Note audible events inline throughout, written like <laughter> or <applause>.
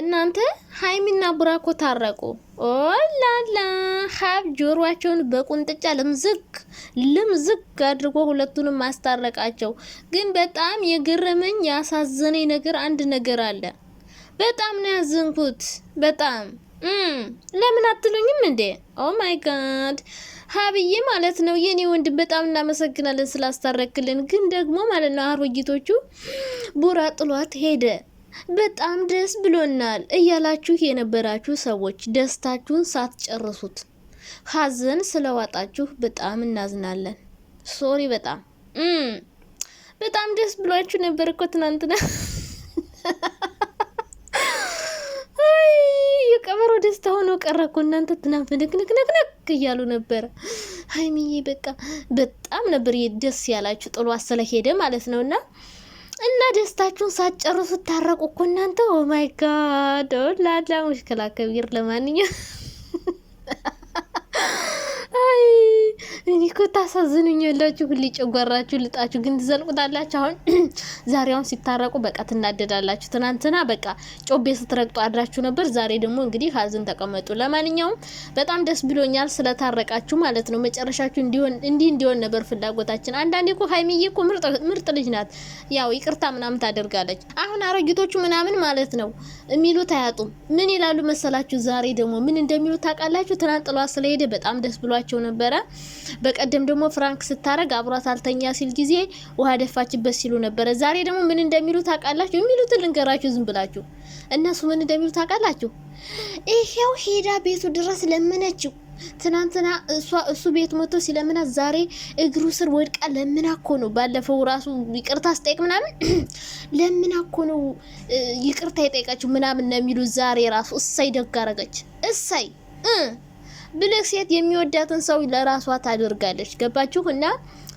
እናንተ ሀይሚና ቡራኮ ታረቁ። ኦላላ ሀብ ጆሮቸውን በቁንጥጫ ልምዝግ ልምዝግ አድርጎ ሁለቱንም ማስታረቃቸው። ግን በጣም የገረመኝ ያሳዘነኝ ነገር አንድ ነገር አለ። በጣም ነው ያዘንኩት። በጣም ለምን አትሉኝም እንዴ? ኦ ማይ ጋድ ሀብዬ ማለት ነው የኔ ወንድም፣ በጣም እናመሰግናለን ስላስታረክልን። ግን ደግሞ ማለት ነው አሮጊቶቹ ቡራ ጥሏት ሄደ በጣም ደስ ብሎናል እያላችሁ የነበራችሁ ሰዎች ደስታችሁን ሳትጨርሱት ሀዘን ስለዋጣችሁ በጣም እናዝናለን። ሶሪ በጣም በጣም ደስ ብሏችሁ ነበር እኮ ትናንትና። የቀበሮ ደስታ ሆኖ ቀረ እኮ እናንተ ትናንት ንክንክንክንክ እያሉ ነበረ። ሀይሚዬ በቃ በጣም ነበር ደስ ያላችሁ። ጥሎ አስለ ሄደ ማለት ነው እና እና ደስታችሁን ሳትጨርሱ ስታረቁ እኮ እናንተ ማይ ጋድ ላላ ሙሽክላ ከቢር ለማንኛውም <laughs> አይ እኔ እኮ ታሳዝኑኛላችሁ። ሁሌ ጨጓራችሁ ልጣችሁ ግን ትዘልቁታላችሁ። አሁን <clears throat> ዛሬውን ሲታረቁ በቃ ትናደዳላችሁ። ትናንትና በቃ ጮቤ ስትረግጡ አድራችሁ ነበር። ዛሬ ደግሞ እንግዲህ ሀዘን ተቀመጡ። ለማንኛውም በጣም ደስ ብሎኛል ስለታረቃችሁ ማለት ነው። መጨረሻችሁ እንዲሆን እንዲህ እንዲሆን ነበር ፍላጎታችን። አንዳንዴ እኮ ሀይሚዬ እኮ ምርጥ ልጅ ናት። ያው ይቅርታ ምናምን ታደርጋለች። አሁን አሮጊቶቹ ምናምን ማለት ነው የሚሉት አያጡም። ምን ይላሉ መሰላችሁ? ዛሬ ደግሞ ምን እንደሚሉት ታውቃላችሁ? ትናንት ጥሏ ስለሄደ በጣም ደስ ብሏቸው ነበረ። በቀደም ደግሞ ፍራንክ ስታረግ አብሯት አልተኛ ሲል ጊዜ ውሃ ደፋችበት ሲሉ ነበረ። ዛሬ ደግሞ ምን እንደሚሉ ታውቃላችሁ? የሚሉትን ልንገራችሁ ዝም ብላችሁ። እነሱ ምን እንደሚሉ ታውቃላችሁ? ይሄው ሄዳ ቤቱ ድረስ ለመነችው። ትናንትና እሷ እሱ ቤት መጥቶ ሲለምናት ዛሬ እግሩ ስር ወድቃ ለምና እኮ ነው። ባለፈው ራሱ ይቅርታ ስጠይቅ ምናምን <clears throat> ለምና እኮ ነው ይቅርታ የጠየቀችው ምናምን ነው የሚሉ ዛሬ ራሱ እሳይ ደግ አረገች እሳይ ብልህ ሴት የሚወዳትን ሰው ለራሷ ታደርጋለች። ገባችሁ? እና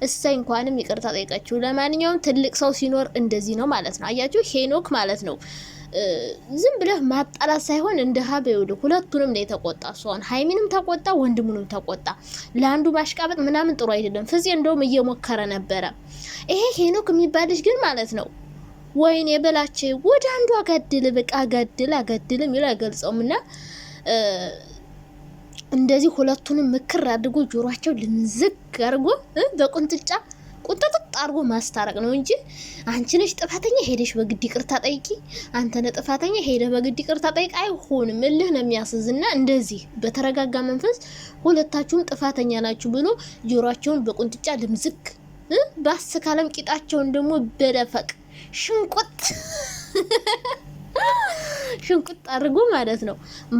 እሰይ እንኳንም ይቅርታ ጠይቀችው። ለማንኛውም ትልቅ ሰው ሲኖር እንደዚህ ነው ማለት ነው። አያችሁ፣ ሄኖክ ማለት ነው ዝም ብለህ ማጣላት ሳይሆን እንደ ሀብ ሁለቱንም ነው የተቆጣ። እሷን ሀይሚንም ተቆጣ፣ ወንድሙንም ተቆጣ። ለአንዱ ማሽቃበጥ ምናምን ጥሩ አይደለም። ፍፄ እንደውም እየሞከረ ነበረ። ይሄ ሄኖክ የሚባል ልጅ ግን ማለት ነው ወይን የበላቸው ወደ አንዱ አጋድል በቃ አጋድል አጋድል የሚለው አይገልጸውም እና እንደዚህ ሁለቱንም ምክር አድርጎ ጆሯቸው ልንዝግ አድርጎ በቁንጥጫ ቁንጥጥጥ አድርጎ ማስታረቅ ነው እንጂ አንቺ ነሽ ጥፋተኛ ሄደሽ በግድ ይቅርታ ጠይቂ፣ አንተ ነህ ጥፋተኛ ሄደ በግድ ይቅርታ ጠይቅ አይሆንም። እልህ ነው የሚያስዝና እንደዚህ በተረጋጋ መንፈስ ሁለታችሁም ጥፋተኛ ናችሁ ብሎ ጆሯቸውን በቁንጥጫ ልምዝግ በአስካለም ቂጣቸውን ደግሞ በደፈቅ ሽንቁጥ <laughs> ሽንቁጥ አድርጎ ማለት ነው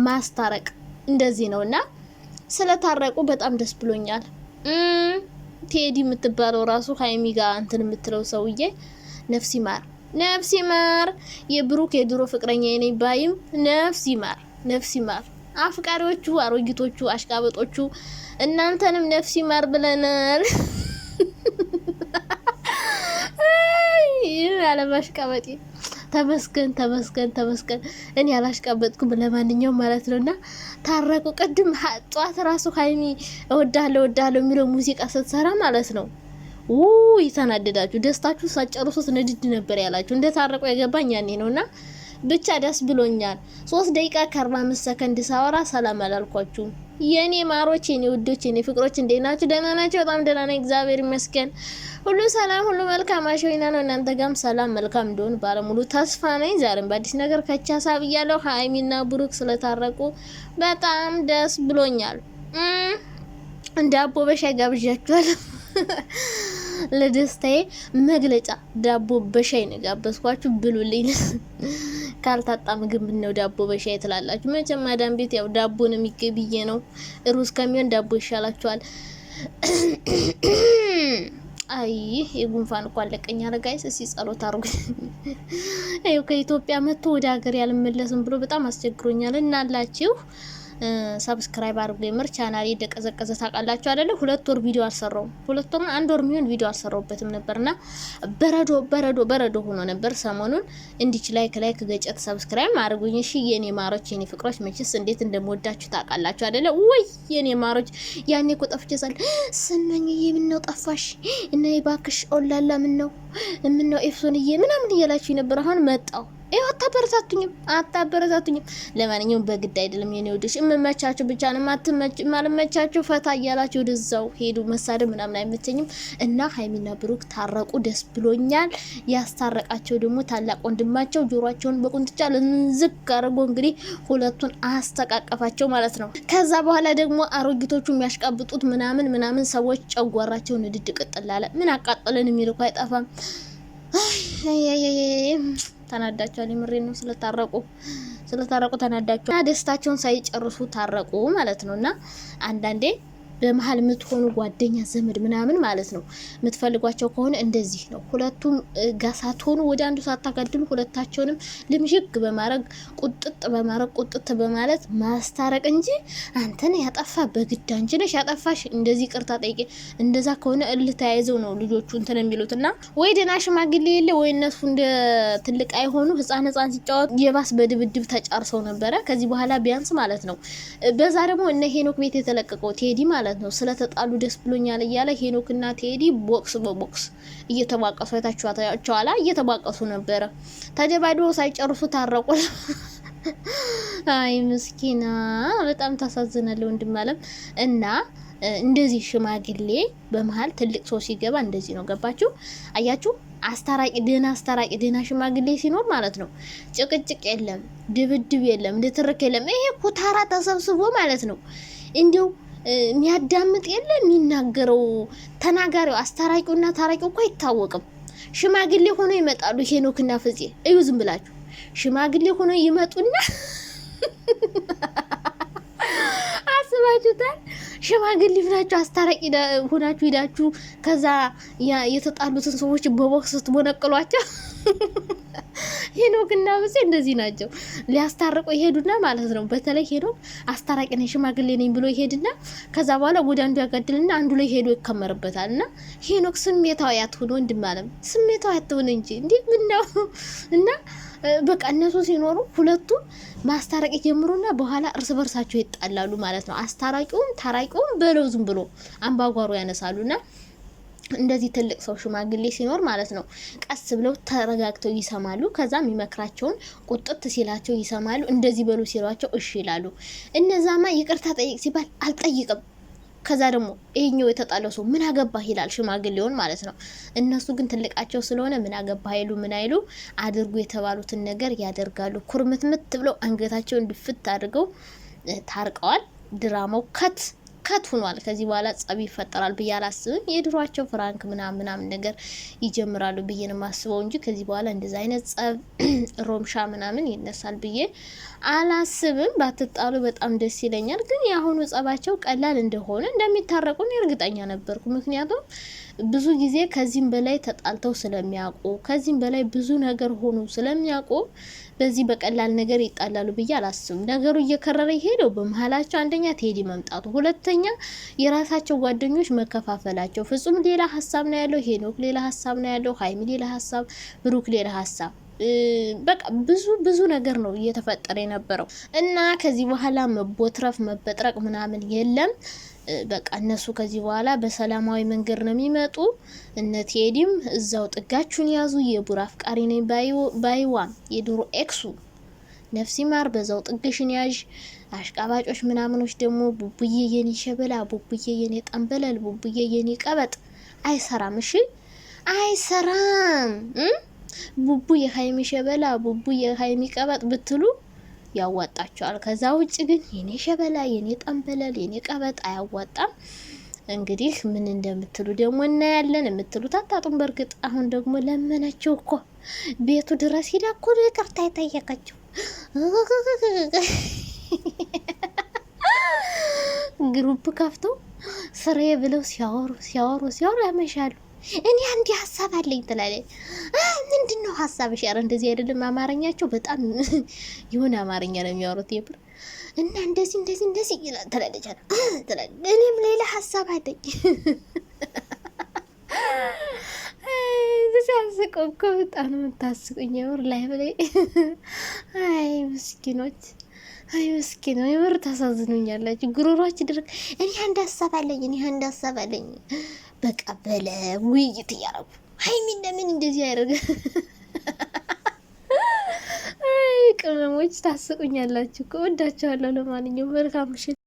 ማስታረቅ እንደዚህ ነውና ስለታረቁ በጣም ደስ ብሎኛል። ቴዲ የምትባለው ራሱ ሀይሚ ጋር እንትን የምትለው ሰውዬ ነፍስ ይማር፣ ነፍስ ማር የብሩክ የድሮ ፍቅረኛ የኔ ባይም ነፍሲ ማር ነፍሲ ማር አፍቃሪዎቹ፣ አሮጊቶቹ፣ አሽቃበጦቹ እናንተንም ነፍስ ይማር ብለናል። <laughs> አለማሽቃበጤ ተመስገን ተመስገን ተመስገን። እኔ ያላሽቀበጥኩ ለማንኛውም ማለት ነው እና ታረቁ። ቅድም ጠዋት ራሱ ሀይሚ እወዳለሁ እወዳለሁ የሚለው ሙዚቃ ስትሰራ ማለት ነው ው ተናደዳችሁ፣ ደስታችሁ ሳጨርሱት ንድድ ነበር ያላችሁ። እንደ ታረቁ የገባኝ ያኔ ነው እና ብቻ ደስ ብሎኛል። ሶስት ደቂቃ ከአርባ አምስት ሰከንድ ሳወራ ሰላም አላልኳችሁ የኔ ማሮች፣ የኔ ውዶች፣ የኔ ፍቅሮች እንዴት ናችሁ? ደህና ናቸው። በጣም ደህና ነኝ፣ እግዚአብሔር ይመስገን። ሁሉ ሰላም፣ ሁሉ መልካም አሸይና ነው። እናንተ ጋም ሰላም መልካም እንደሆን ባለሙሉ ተስፋ ነኝ። ዛሬም በአዲስ ነገር ከቻ ሀሳብ እያለሁ ሀይሚና ብሩክ ስለታረቁ በጣም ደስ ብሎኛል። ዳቦ በሻይ ጋብዣችኋለሁ። <laughs> ለደስታዬ መግለጫ ዳቦ በሻይ ነው ጋበዝኳችሁ፣ ብሉልኝ። <laughs> ካልታጣ ምግብ ነው ዳቦ በሻይ ትላላችሁ? መቼም ማዳም ቤት ያው ዳቦ ነው የሚገኝ ብዬ ነው። ሩዝ ከሚሆን ዳቦ ይሻላችኋል። <clears throat> አይህ የጉንፋን እኮ አለቀኝ አለ እስኪ ጸሎት <laughs> ይኸው ከኢትዮጵያ መጥቶ ወደ ሀገር ያልመለስም ብሎ በጣም አስቸግሮኛል እናላችሁ ሰብስክራይብ አድርጉ። የምር ቻናል እንደቀዘቀዘ ታውቃላችሁ አይደለ? ሁለት ወር ቪዲዮ አልሰራውም። ሁለት ወር አንድ ወር የሚሆን ቪዲዮ አልሰራውበትም ነበርና በረዶ በረዶ በረዶ ሆኖ ነበር። ሰሞኑን እንዲች ላይክ ላይክ ገጨት ሰብስክራይብ አድርጉኝ። እሺ የኔ ማሮች የኔ ፍቅሮች፣ መቼስ እንዴት እንደምወዳችሁ ታውቃላችሁ አይደለ? ወይ የኔ ማሮች፣ ያኔ እኮ ጠፍቼ ሳለ ምን ነው ጠፋሽ? እና ባክሽ ኦላላ ምን ነው ምነው ምነው ኤፍሶንዬ ምናምን እያላችሁ ነበር። አሁን መጣው ይኸው አታበረታቱኝም አታበረታቱኝም። ለማንኛውም በግድ አይደለም የኔ ወዶች፣ የምመቻችሁ ብቻ ነው። ማልመቻቸው ፈታ እያላቸው ወደዛው ሄዱ። መሳደብ ምናምን አይመቸኝም እና ሀይሚና ብሩክ ታረቁ፣ ደስ ብሎኛል። ያስታረቃቸው ደግሞ ታላቅ ወንድማቸው ጆሯቸውን በቁንጥጫ ልንዝግ አድርጎ እንግዲህ ሁለቱን አስተቃቀፋቸው ማለት ነው። ከዛ በኋላ ደግሞ አሮጊቶቹ የሚያሽቃብጡት ምናምን ምናምን ሰዎች ጨጓራቸውን ንድድ ቅጥላለ ምን አቃጠለን የሚል አይ አይጠፋም። ተናዳቸዋል። የምሬ ነው። ስለታረቁ ስለታረቁ ተናዳቸው እና ደስታቸውን ሳይጨርሱ ታረቁ ማለት ነው እና አንዳንዴ በመሀል የምትሆኑ ጓደኛ ዘመድ ምናምን ማለት ነው የምትፈልጓቸው ከሆነ እንደዚህ ነው። ሁለቱም ጋ ሳትሆኑ ወደ አንዱ ሳታጋድሉ ሁለታቸውንም ልምሽግ በማድረግ ቁጥጥ በማድረግ ቁጥጥ በማለት ማስታረቅ እንጂ አንተን ያጠፋ በግድ አንቺ ነሽ ያጠፋሽ፣ እንደዚህ ቅርታ ጠይቄ፣ እንደዛ ከሆነ እልህ ተያይዘው ነው ልጆቹ እንትን የሚሉት እና ወይ ደህና ሽማግሌ የለ ወይ እነሱ እንደ ትልቅ አይሆኑ ህፃን ህፃን ሲጫወት የባስ በድብድብ ተጫርሰው ነበረ። ከዚህ በኋላ ቢያንስ ማለት ነው በዛ ደግሞ እነ ሄኖክ ቤት የተለቀቀው ቴዲ ማለት ማለት ነው። ስለተጣሉ ደስ ብሎኛል እያለ ሄኖክና ቴዲ ቦክስ በቦክስ እየተባቀሱ አይታችኋቸዋላ። እየተባቀሱ ነበረ። ተደባድበው ሳይጨርሱ ታረቁ። <laughs> አይ ምስኪና፣ በጣም ታሳዝናለ ወንድም አለም እና እንደዚህ ሽማግሌ በመሀል ትልቅ ሰው ሲገባ እንደዚህ ነው። ገባችሁ? አያችሁ? አስታራቂ ደህና አስታራቂ ደህና ሽማግሌ ሲኖር ማለት ነው ጭቅጭቅ የለም፣ ድብድብ የለም፣ ንትርክ የለም። ይሄ ኩታራ ተሰብስቦ ማለት ነው እንዲው የሚያዳምጥ የለ የሚናገረው ተናጋሪው አስታራቂውና ታራቂው እኮ አይታወቅም። ሽማግሌ ሆኖ ይመጣሉ። ሄኖክና ፍፄ እዩ፣ ዝም ብላችሁ ሽማግሌ ሆኖ ይመጡና <laughs> አስባችሁታል? ሽማግሌ ብላችሁ አስታራቂ ሆናችሁ ሄዳችሁ ከዛ የተጣሉትን ሰዎች በቦክስ ስትቦነቅሏቸው ሄኖክና ብሴ እንደዚህ ናቸው። ሊያስታርቁ ይሄዱና ማለት ነው። በተለይ ሄኖክ አስታራቂ ነኝ ሽማግሌ ነኝ ብሎ ይሄድና ከዛ በኋላ ወደ አንዱ ያጋድልና አንዱ ላይ ሄዶ ይከመርበታል። እና ሄኖክ ስሜታዊ አትሁን ወንድም አለም ስሜታዊ አትሁን እንጂ እንዲህ ምነው እና በቃ እነሱ ሲኖሩ ሁለቱ ማስታረቅ ጀምሩና በኋላ እርስ በርሳቸው ይጣላሉ ማለት ነው። አስታራቂውም ታራቂውም በለው ዝም ብሎ አምባጓሮ ያነሳሉና እንደዚህ ትልቅ ሰው ሽማግሌ ሲኖር ማለት ነው፣ ቀስ ብለው ተረጋግተው ይሰማሉ። ከዛም ይመክራቸውን ቁጥጥ ሲላቸው ይሰማሉ። እንደዚህ በሉ ሲሏቸው እሺ ይላሉ። እነዛማ ይቅርታ ጠይቅ ሲባል አልጠይቅም። ከዛ ደግሞ ይሄኛው የተጣለው ሰው ምን አገባህ ይላል ሽማግሌውን ማለት ነው። እነሱ ግን ትልቃቸው ስለሆነ ምን አገባህ አይሉ ምን አይሉ አድርጉ የተባሉትን ነገር ያደርጋሉ። ኩርምትምት ብለው አንገታቸውን ድፍት አድርገው ታርቀዋል። ድራማው ከት ከት ሆኗል። ከዚህ በኋላ ጸብ ይፈጠራል ብዬ አላስብም። የድሯቸው ፍራንክ ምናምን ምናምን ነገር ይጀምራሉ ብዬ ነው የማስበው እንጂ ከዚህ በኋላ እንደዚ አይነት ጸብ <clears throat> ሮምሻ ምናምን ይነሳል ብዬ አላስብም። ባትጣሉ በጣም ደስ ይለኛል። ግን የአሁኑ ጸባቸው ቀላል እንደሆነ እንደሚታረቁን እርግጠኛ ነበርኩ ምክንያቱም ብዙ ጊዜ ከዚህም በላይ ተጣልተው ስለሚያውቁ ከዚህም በላይ ብዙ ነገር ሆኖ ስለሚያውቁ በዚህ በቀላል ነገር ይጣላሉ ብዬ አላስብም። ነገሩ እየከረረ ሄደው በመሀላቸው አንደኛ ቴዲ መምጣቱ፣ ሁለተኛ የራሳቸው ጓደኞች መከፋፈላቸው። ፍጹም ሌላ ሀሳብ ነው ያለው፣ ሄኖክ ሌላ ሀሳብ ነው ያለው፣ ሀይሚ ሌላ ሀሳብ፣ ብሩክ ሌላ ሀሳብ በቃ ብዙ ብዙ ነገር ነው እየተፈጠረ የነበረው እና ከዚህ በኋላ መቦትረፍ መበጥረቅ ምናምን የለም። በቃ እነሱ ከዚህ በኋላ በሰላማዊ መንገድ ነው የሚመጡ። እነ ቴዲም እዛው ጥጋችሁን ያዙ። የቡር አፍቃሪ ነኝ ባይዋ የድሮ ኤክሱ ነፍሲ ማር በዛው ጥግሽን ያዥ። አሽቃባጮች ምናምኖች ደግሞ ቡቡዬ የኔ ሸበላ፣ ቡቡዬ የኔ ጠንበለል፣ ቡቡዬ የኔ ቀበጥ አይሰራም። እሺ አይሰራም። ቡቡ የሀይሚ ሸበላ፣ ቡቡ የሀይሚ ቀበጥ ብትሉ ያዋጣቸዋል። ከዛ ውጭ ግን የኔ ሸበላ፣ የኔ ጠንበለል፣ የኔ ቀበጥ አያዋጣም። እንግዲህ ምን እንደምትሉ ደግሞ እናያለን። የምትሉት ታጣጡን። በእርግጥ አሁን ደግሞ ለመነችው እኮ ቤቱ ድረስ ሂዳ እኮ ይቅርታ የጠየቀችው ግሩፕ ከፍተው ስሬ ብለው ሲያወሩ ሲያወሩ ሲያወሩ ያመሻሉ። እኔ አንድ ሀሳብ አለኝ ትላለች። ምንድን ነው ሀሳብ? ሻር እንደዚህ አይደለም አማርኛቸው በጣም <laughs> የሆነ አማርኛ ነው የሚያወሩት የብር እና እንደዚህ እንደዚህ እንደዚህ ይላል ትላለች። እኔም ሌላ ሀሳብ አለኝ ሲያስቆም <laughs> እኮ በጣም ነው የምታስቁኝ የምር ላይ ብላይ <laughs> አይ ምስኪኖች አይ መስኪን ነው የምር ታሳዝኑኛላችሁ። ጉሮሯችሁ ድርቅ። እኔ አንድ ሀሳብ አለኝ፣ እኔ አንድ ሀሳብ አለኝ። በቃ በለ ውይይት እያረጉ ሀይሚ ለምን እንደዚህ ያደርገ? አይ ቅመሞች ታስቁኛላችሁ። እወዳችኋለሁ። ለማንኛውም መልካም ምሽት።